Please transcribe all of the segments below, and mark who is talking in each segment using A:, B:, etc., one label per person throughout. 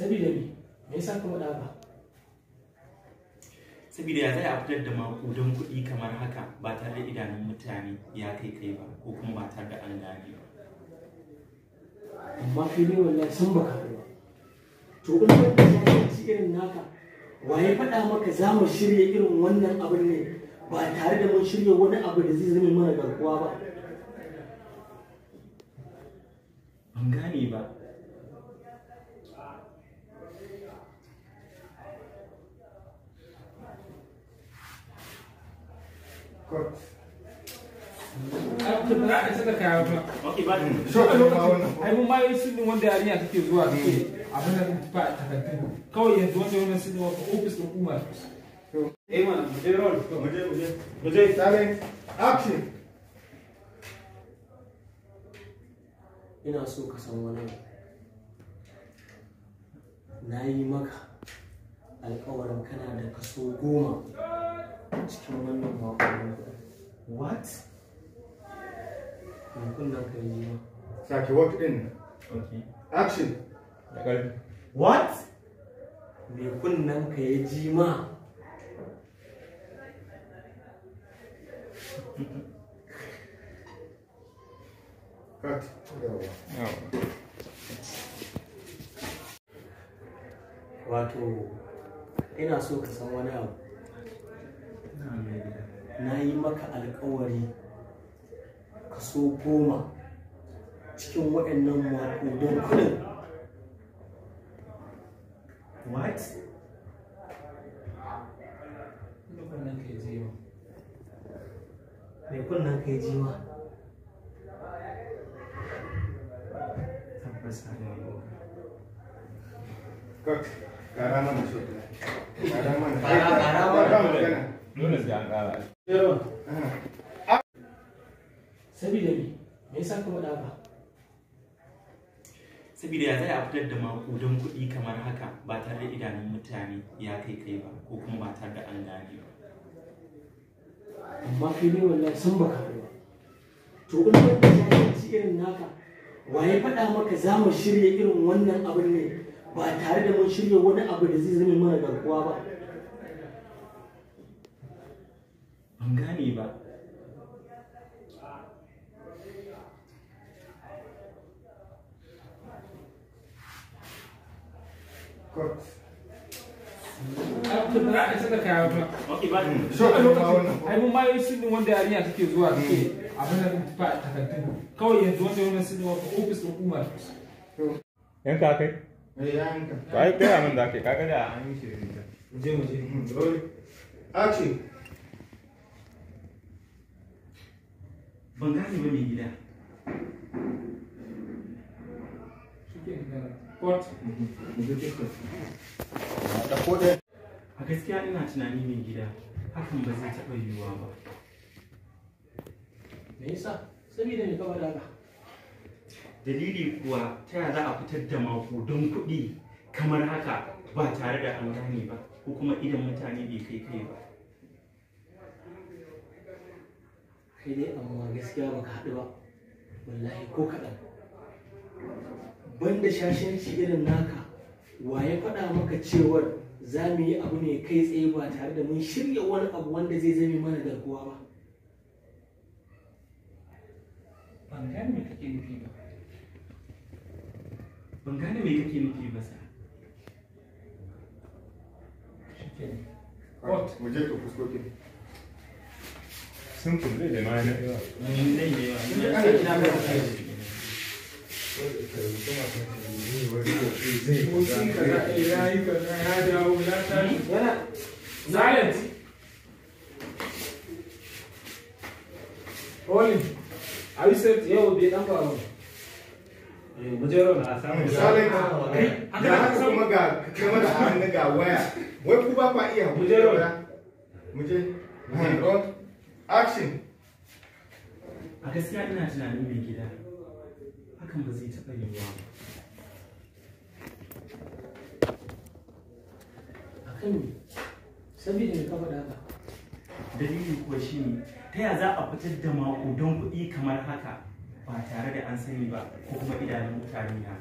A: sabida me me yasa kuma da ba sabida ya zai fitar da don kuɗi kamar haka ba tare da idanun mutane ya kai kai ba ko kuma ba tare da an gane ba amma kai ne wallahi sun baka ba to in ka ci irin naka waye faɗa maka za mu shirya irin wannan abin ne ba tare da mun shirya wani abu da zai zama mana garkuwa ba ban gane ba saka kaya ba so a lokacin ai mun wanda yarinya take zuwa mm. abin da ba a takardu kawai yanzu wanda wannan sinin wata ofis din umar eh tare action ina so ka san wani na yi maka alkawarin kana da kaso goma cikin wannan makon what Sake work din. Okay. Action. Da ƙarfi. What? Me kunnen ka ya ji ma. Cut. Wato, ina so ka san wani abu. Na yi maka alkawari kaso goma cikin waɗannan makudan kudin what? mai kunnan kara mana shi kara mana kara mana kara saboda me me yasa kuma faɗa ba saboda ya zai fitar da makudan kuɗi kamar haka ba tare da idanun mutane ya kai kai ba ko kuma ba tare da an gane ba amma kai ne wallahi san ba ka ba to in ka jahilci irin naka waye faɗa maka za mu shirya irin wannan abin ne ba tare da mun shirya wani abu da zai zama mana garkuwa ba ban gane ba Correct. ai mun ma yi sun wanda yarinya take zuwa take abin da ta a takardu kawai yanzu wanda wannan sun wa ofis din umar yanka kai eh yanka ai kai mun da kai kaga da an yi shi je mu je dole ce. ban gane ba mai gida Kot. A gaskiya ina tunani mai gida hakan ba zai taɓa yiwuwa ba. Me yasa? Dalili kuwa ta yaya za a fitar da don kuɗi kamar haka ba tare da an gane ba ko kuma idan mutane bai kai kai ba. Kai dai amma gaskiya baka haɗu ba. Wallahi ko kaɗan. banda shashanci irin naka wa ya faɗa maka cewar za mu yi abu ne kai tsaye ba tare da mun shirya wani abu wanda zai zame mana garkuwa ba ban gane me kake nufi ba sa What? Mu je ka Sun kulle da na yawa. Silence. Rolling. Are you safe? Yau bai dan faru. Mujero na samu. Misalin ka. Da haka kuma ga kamar da hannu ga waya. Wai ku ba kwa iya. Mujero na. Muje. Hand on. Action. A gaskiya ina tunanin mai gida. hakan ba zai taɓa yiwuwa ba a kan ne saboda ya ka faɗa Dalilin dalili kuwa shi ne ta ya za a fitar da maƙudan kuɗi kamar haka ba tare da an sani ba ko kuma idanun mutane na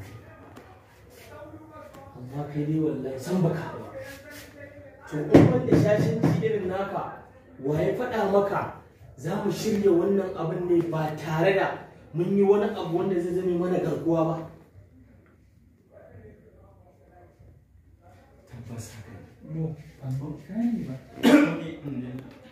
A: amma kai ne wallahi san baka ba to kuma wanda shashin irin naka wa ya faɗa maka za mu shirya wannan abin ne ba tare da mun yi wani abu wanda zai zame mana garkuwa ba tabbas haka ba